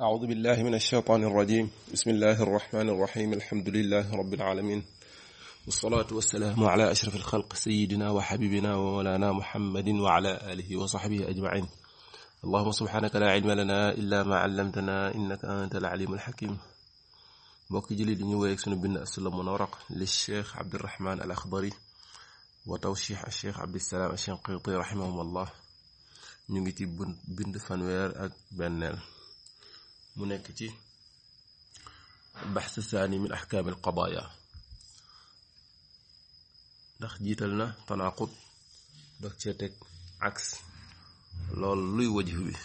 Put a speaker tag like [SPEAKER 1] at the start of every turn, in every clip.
[SPEAKER 1] أعوذ بالله من الشيطان الرجيم بسم الله الرحمن الرحيم الحمد لله رب العالمين والصلاة والسلام على أشرف الخلق سيدنا وحبيبنا ومولانا محمد وعلى آله وصحبه أجمعين اللهم سبحانك لا علم لنا إلا ما علمتنا إنك أنت العليم الحكيم بوكي جلي di ñu wéy بن sunu bind للشيخ عبد الرحمن الأخضري وتوشيح الشيخ عبد السلام الشنقيطي رحمه الله abdissalaam al shinqiti rahimahum allah ñu منكتي البحث الثاني من أحكام القضايا داخ جيتلنا تناقض داخ تشتك عكس لول لوي وجه بي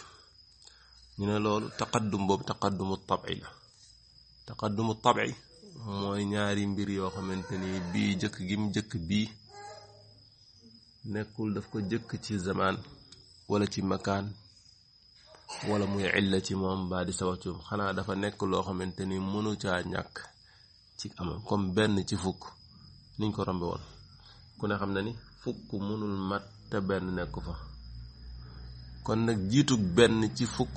[SPEAKER 1] نينا لول تقدم بوب تقدم الطبع لا تقدم الطبع موي نياري مبير يو خامتني بي جك جيم جك بي نيكول داف جك تي زمان ولا تي مكان wala muy illa ci moom baa di sabab ci xanaa dafa nekk loo xamante ni mënu caa ñàkk ci amam comme benn ci fukk niñ ko rombe woon ku ne xam na ni fukk mënul mat te benn nekku fa kon nag jiitu benn ci fukk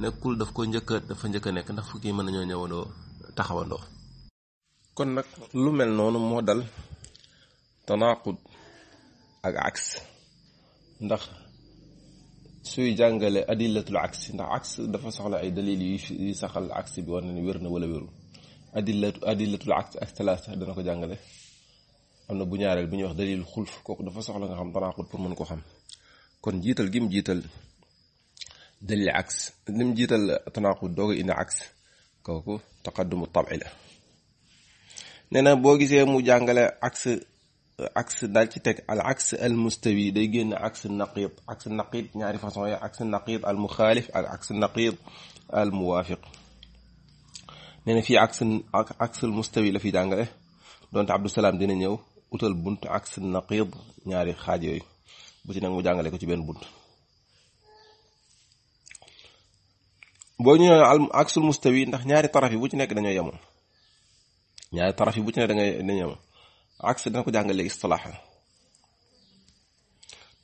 [SPEAKER 1] nekkul daf ko njëkka dafa njëkk nekk ndax fukki mën nañoo ñëwandoo taxawandoo kon nag lu mel noonu moo dal tanaaqud ak aks ndax suy jàngale adillatul aksi ndax aks dafa soxla ay dalil yu saxal aksi bi wane ne wér na wala wérul adillatu adillatul aksi ak talaata dana ko jàngale am na bu ñaareel bu ñuy wax dalil xulf kooku dafa soxla nga xam tanaaxut pour mën koo xam kon jiital gi mu jiital dalil aks li mu jiital tanaaxut doo ko indi aks kooku taqaddumu tabi la nee na boo gisee mu jàngale aks axe daal ci teg al axe al mustawi day génn axe naqid axe naqid ñaari façon yi axe naqid al muxaalif ak axe naqid al muwaafiq nee na fii axe axe al mustawi la fi jàngale donte abdou salaam dina ñëw utal bunt axe naqid ñaari xaaj yooyu bu ci nag mu jàngale ko ci benn bunt boo ñu al axe al mustawi ndax ñaari taraf yi bu ci nekk dañoo yemoon ñaari taraf yi bu ci nekk da ngay dañoo yemoon عكس دا نكو جانغ لي اصطلاحا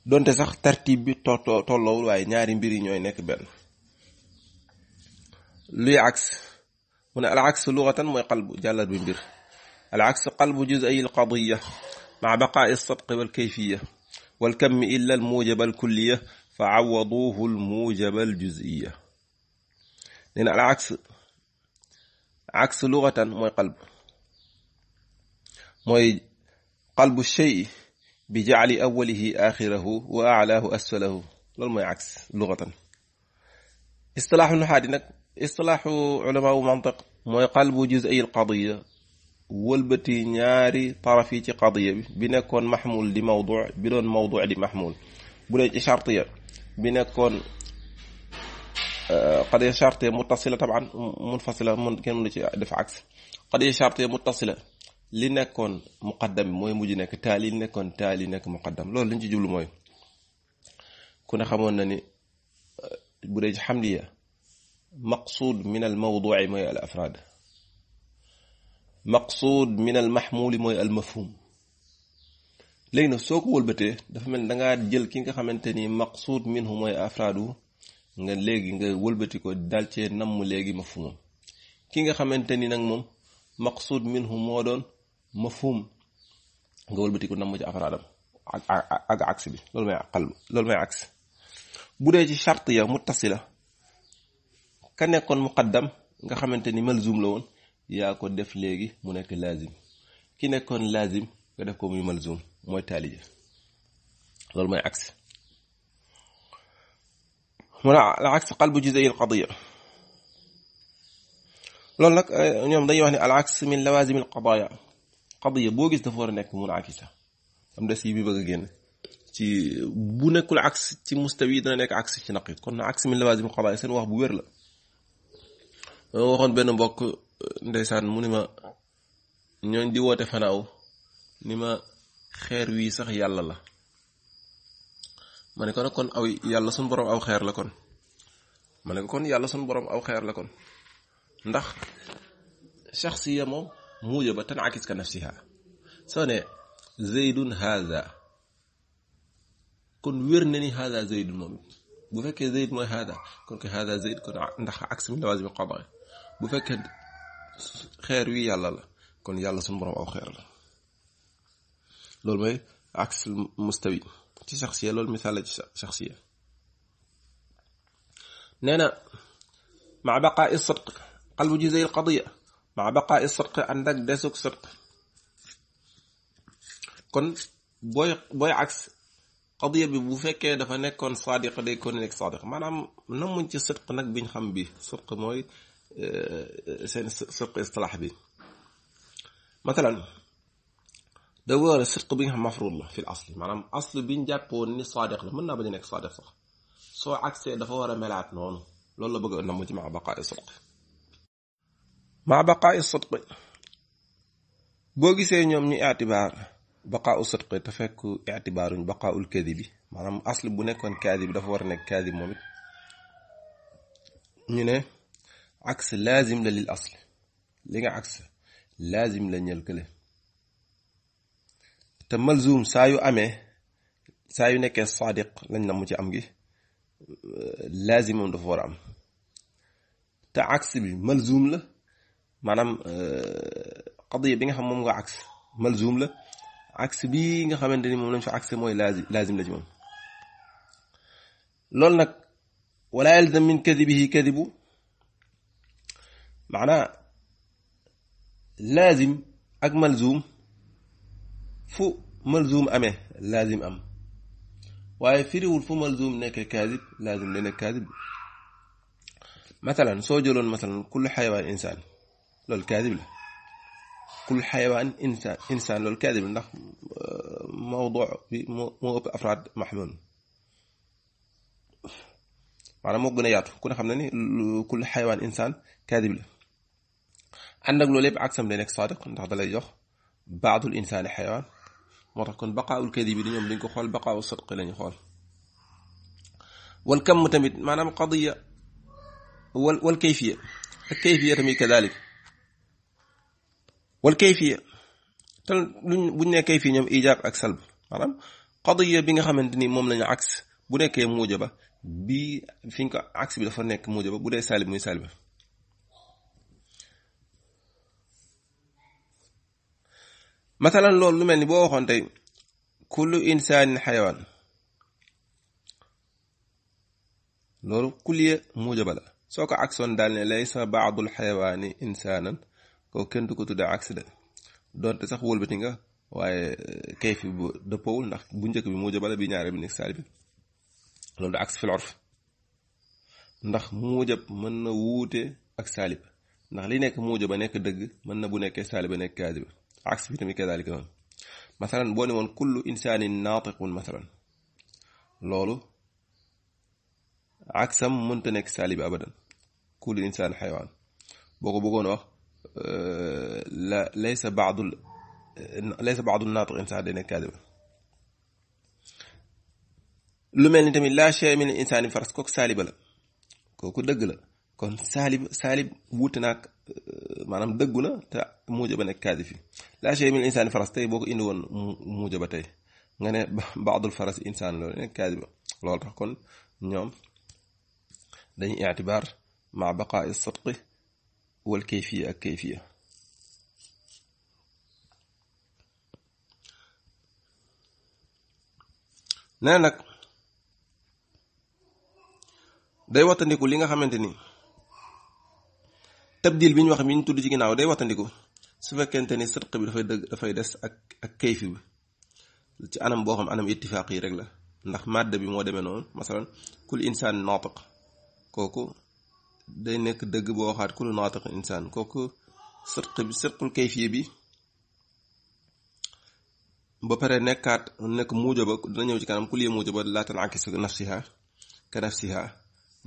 [SPEAKER 1] دونت صاح ترتيب بي تولو واي نياري مبيري نيو نيك بن لي عكس من العكس لغه مو قلب جلال بن بير العكس قلب جزء القضيه مع بقاء الصدق والكيفيه والكم الا الموجب الكليه فعوضوه الموجب الجزئيه لان العكس عكس لغه ما قلب mooy qalbu shay bi jaali awwalihi aaxirahu wa aalaahu asfalahu loolu mooy ags luxatan istilaaxu nuxaadi nag istilaaxu culamaa u mantiq mooy qalbu juzay alqadiya wëlbati ñaari taraf yi ci qadiya bi bi nekkoon maxmul di mawduc bi doon mawduc di maxmul bu dee ci chartiya bi nekkoon qadiya chartiya muttasila taban munfasila mun kenn mënu ci def ags qadiya chartiya muttasila li nekkoon muqaddam bi mooy mujj nekk taali li nekkoon taali nekk muqaddam loolu lañ ci jublu mooy ku ne xamoon na ni bu dee ci xamdiya maqsuud min al mawduci mooy al afraad maqsuud min al maxmuuli mooy al mafhum léegi nag soo ko wëlbatee dafa mel da ngaa jël ki nga xamante ni maqsuud minhu mooy afraadu nga léegi nga wëlbati ko dal cee namm léegi mafhumam ki nga xamante ni nag moom maqsuud minhu moo doon مفهوم غول بتي كو نمو جعفر ادم اك عكس بي لول ماي اقل لول ماي عكس بودي شي شرط يا متصله كنيكون مقدم غا خامتاني ملزوم لون وون يا كو ديف ليغي مو نيك لازم كي نيكون لازم غا ديف كو مي ملزوم موي تالي لول ماي عكس ولا العكس قلب جزئي القضيه لول لك نيوم داي واني العكس من لوازم القضايا qadiya boo gis dafa war a nekk munaakisa am des yi bi bëgg a génn ci bu nekkul axe ci mustawi dana nekk axe ci naqit kon axe min lawaasim qadaaya seen wax bu wér la dama waxoon benn mbokk ndeysaan mu ni ma ñooñ di woote fanaaw ni ma xeer wii sax yàlla la ma ne ko nag kon aw yàlla sun borom aw xeer la kon ma ne ko kon yàlla sun borom aw xeer la kon ndax shaxsiya moom موجبة تنعكس كنفسها سنة زيد هذا كن ويرنني هذا زيد مومي بفك زيد ما هذا كن كهذا زيد كن عندك عكس من لوازم القضاء بفك خير وي يلا لا كن يلا سنبرا أو خير لا لول مي عكس المستوي تي شخصية لول مثال تي شخصية نانا مع بقاء الصدق قلب جزي القضية مع بقاء السرق عندك دسوك سرق كن بوي بوي عكس قضيه بي بو فكه دا نيكون صادق دا يكون لك صادق مانام نمو نتي سرق نك بين خم بي سرق موي آه، سين سرق اصطلاح بي مثلا دوار الصدق بي مفروض في الاصل مانام اصل بين نجابو ني صادق لا من بني نك صادق صح سو عكسه دا فورا ملات نون لولو بغا نمو تي مع بقاء السرق مع بقاء الصدق بو غيسه نيوم ني اعتبار بقاء الصدق تفك اعتبار بقاء الكذب مانام اصل بو نيكون كاذب دا فور نيك كاذب موميت ني نه عكس لازم للاصل ليغا عكس لازم لا نيل كله تملزوم سايو امي سايو نيك صادق لا نمو تي امغي لازم دا فور ام تا عكس بي ملزوم لا manam qadiya bi nga xam mom nga aks malzum la aks bi nga xamanteni mom lañ fa aks moy lazim lazim la ci mom lol nak wala yalzam min kadibihi kadhibu maana lazim ak malzum fu malzum amé lazim am waaye firiwul fu malzum nek kadhib lazim la kadhib مثلا سو جلون مثلا كل حيوان انسان لول كاذب له كل حيوان انسان انسان لول كاذب له موضوع مو افراد محمول معنا مو غنا ياتو كنا خمنا ني كل حيوان انسان كاذب له عندك لول يب عكسم لينك صادق انت هذا لي جوخ بعض الانسان حيوان مره كون بقاء الكذب لي نيوم لينكو خول بقاء الصدق لي خول والكم تمت معنا قضيه والكيفيه الكيفيه تمي كذلك والكيفيه تال بو نيه كيفيه نيم ايجاب اك سلب مانام قضيه بيغا خامتني موم لا ني عكس بو نيكي موجبه بي فينكا عكس بي دا فا نيك موجبه بو دي سالب موي سالب مثلا لول لو ملني بو واخون تاي كل انسان حيوان لول كليه موجبه لا سوكو اكسون دال لي ليس بعض الحيوان انسانا ko kenn du ko tudde accident donte sax wëlbati nga waaye kayf bu dëppoowul ndax bu njëkk bi moo jëbale bi ñaare bi nek saali bi loolu da aks fil orf ndax muujab mën na wuute ak saalib ndax li nekk muuja ba nekk dëgg mën na bu nekkee saali ba nekk kaasi ba aks bi tamit kadalika noonu masalan boo ne woon kullu insaanin naatiqun masalan loolu aksam mënta nekk saali bi abadan kullu insaan xayawaan boo ko bëggoon wax آه، لا ليس بعض ال... ليس بعض الناطق انسان دين كاذب لو ملني تامي لا شيء من الانسان فرس كوك سالب لا كوك دغ لا كون سالب سالب ووتناك مانام دغ لا تا موجب نك كاذب لا شيء من الانسان فرس تاي بوكو اندي وون موجب تاي غني بعض الفرس انسان لو نك كاذب لول تخ كون نيوم دني اعتبار مع بقاء الصدق والكيفية الكيفية نانك نعم، داي واتانديكو ليغا خامتيني تبديل بين واخ بين تودي جي غيناو داي واتانديكو سو فكنتني صدق بي دا فاي دا فاي ديس اك كيف بي تي انام بوخم انام اتفاقي رك لا نخ ماده بي مو ديمي نون مثلا كل انسان ناطق كوكو day nekk dëgg boo waxaat kullu naatiq insaan kooku sirq bi sirqul kayfiye bi ba pare nekkaat nekk muujo ba dina ñëw ci kanam kulliye muujo ba laa tanakis nafsiha ka nafsiha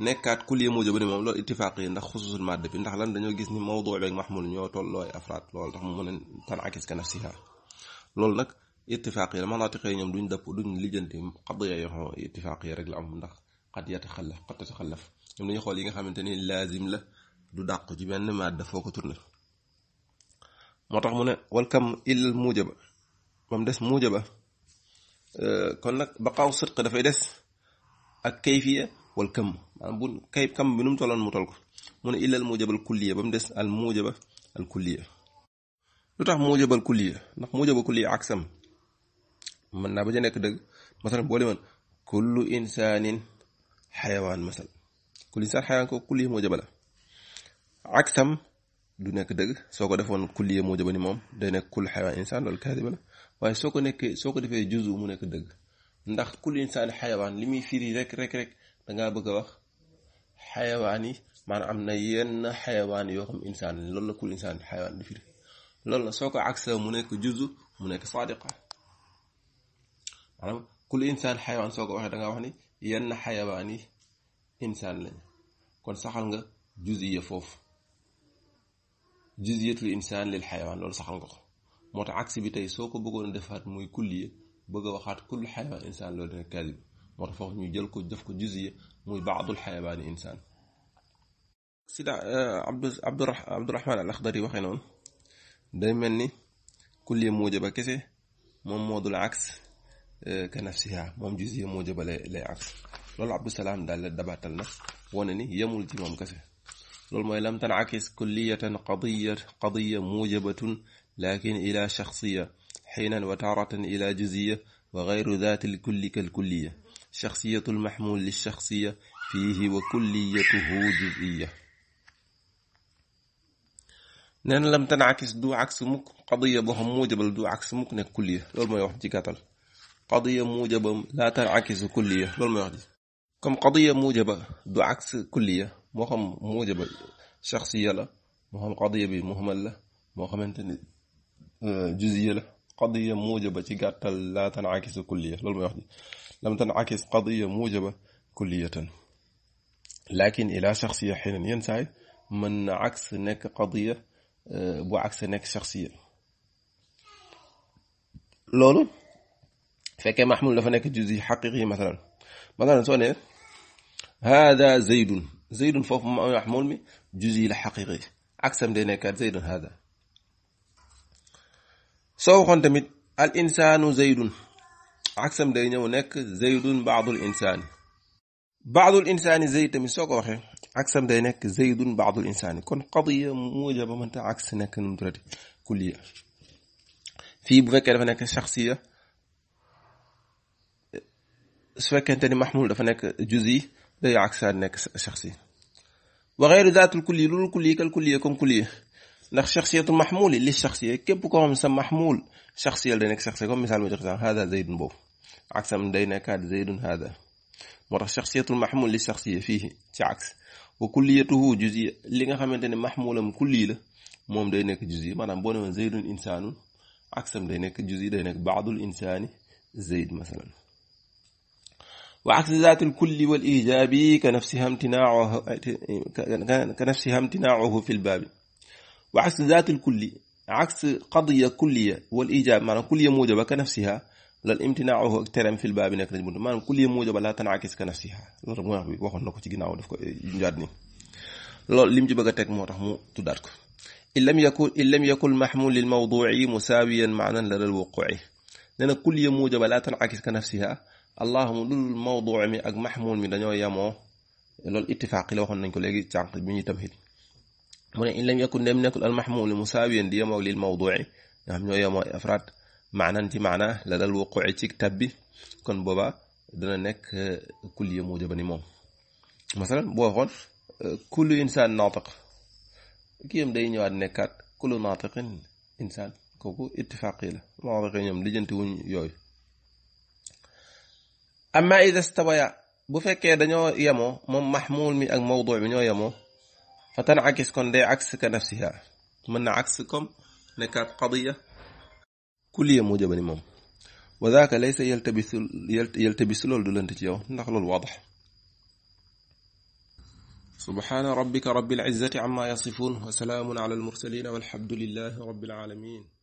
[SPEAKER 1] nekkaat kulliye muujo ba ni moom loolu ittifaaq yi ndax xususul màdd bi ndax lan dañoo gis ni mawdu beeg mahmul ñoo toll looy afraat loolu tax mu mën a tan akis ka nafsiha loolu nag ittifaaq yi la manaatiq yi ñoom duñ dëpp duñ lijjanti xadiya yoo xam ittifaaq yi rek la am ndax qad yataxallaf qad tataxallaf ñoom dañuy xool yi nga xamante ni laazim la du dàq ci benn maada foo ko tourné moo tax mu ne wal kam illal muujaba moom des muujaba kon nag baqaaw sidq dafay des ak kayfiya wal kam maanaam bu kay kam bi nu mu tolloon mu tol ko mu ne illal muujaba al kulliya ba mu des al muujaba al kulliya lu tax muujaba al kulliya ndax muujaba kulliya ak sam mën naa ba ca nekk dëgg masalan boo demoon kullu insaanin xayawaan masal kul insaan xayawaan ko kulliya moo jabala ak tam du nekk dëgg soo ko defoon kulliya moo jabani moom day nekk kul xayawaan insaan loolu kaadiba la waaye soo ko nekkee soo ko defee juzu mu nekk dëgg ndax kul insaan xayawaan li muy firi rek rek rek da ngaa bëgg a wax xayawaan yi maanaam am na yenn xayawaan yoo xam insaan loolu la kul insaan xayawaan di firi loolu la soo ko agsa mu nekk juzu mu nekk saadiqa maanaam kul insaan xayawaan soo ko waxee da ngaa wax ni yenn xayawaan yi insaan lañ kon saxal nga juziya foofu juziyatul insaan lil xayawaan loolu saxal nga ko moo tax aksi bi tey soo ko bëggoon defaat muy kulliya bëgg a waxaat kullu xayawaan insaan loolu dina kadib moo tax foofu ñu jël ko def ko juziya muy baadul xayawaani insaan sida abdu abdurahmaan al axdari waxee noonu day mel ni kulliya muujaba kese moom moo dul aks آه، كنفسها مام جزية موجبة للعكس لول عبد السلام دال دباتلنا وانني يمول تمام كسه لول ما لم تنعكس كلية قضية قضية موجبة لكن إلى شخصية حينا وتارة إلى جزية وغير ذات الكل كالكلية شخصية المحمول للشخصية فيه وكليته جزئية نحن لم تنعكس دو عكس مك قضية بهم موجبة دو عكس مك نكلية لول ما يوحب تكاتل قضية موجبة لا تنعكس كلية بل كم قضية موجبة بعكس كلية مهم موجبة شخصية لا مهم قضية بمهملة مهم انت جزئية لا قضية موجبة تقاتل لا تنعكس كلية بل لم تنعكس قضية موجبة كلية لكن إلى شخصية حين ينسعي من عكس نك قضية آه، بعكس نك شخصية لولو فكا محمول لا فنيك جزء حقيقي مثلا مثلا سؤال إيه؟ هذا زيد زيد فوف محمول مي جزء حقيقي عكس ام دينك زيد هذا سو خون تميت الانسان زيد عكس ام دي زيد بعض الانسان بعض الانسان زيد تميت سو واخي عكس ام دي زيد بعض الانسان كن قضيه موجبه من عكس نك كليه في بغيك دا شخصيه su fekkente ni mahmul dafa nekk juzi day ak saa nekk shaxsi wa xeyru daatul kulli lul kulli kal kulli comme kulli ndax shaxsiyatu mahmul li shaxsiya képp ko xam sa mahmul shaxsiya day nekk shaxsiya comme misaal ma jox sax hada zaydun boobu ak sam day nekkaat zaydun hada moo tax shaxsiyatu mahmul li shaxsiya fii ci aks wa kulliyatuhu juzi li nga xamante ni mahmulam kulli la moom day nekk juzi maanaam boo newoon zaydun insaanun aksam day nekk juzi day nekk baadul insaani zayd masalan وعكس ذات الكل والإيجابي كنفسها امتناعه كنفسها امتناعه في الباب وعكس ذات الكل عكس قضية كلية والإيجاب معنى كلية موجبة كنفسها للامتناع هو اكترم في الباب انك نجم معنى كلية موجبة لا تنعكس كنفسها loolu mooy wax bi waxoon na ko ci ginnaaw daf ko مو ni إن لم يكن إن لم يكن محمول للموضوع مساويا معنا للوقوع لأن كل موجبة لا تنعكس كنفسها اللهم لول الموضوع مي اك محمول مي دانيو يامو لول اتفاق لي واخون نانكو لغي تانك بي ني توحيد مون ان لم يكن لم نكل المحمول مساويا دي يامو للموضوع نعم نيو يامو افراد معنى انت معنى لا دال وقوع تيك تبي كون بوبا دا نيك كل يوم وجب ني موم مثلا بو واخون كل انسان ناطق كيم داي نيوات نيكات كل ناطق انسان كوكو اتفاقيه لا واخا نيوم لجنتي وون يوي أما إذا استويا بفك فكي دانيو يمو مم محمول من الموضوع من منيو يمو فتنعكس كون دي عكس كنفسها من عكسكم نكات قضية كل يمو جبني مم وذاك ليس يلتبس يلتبس لول دولنتيو نخل الواضح سبحان ربك رب العزة عما يصفون وسلام على المرسلين والحمد لله رب العالمين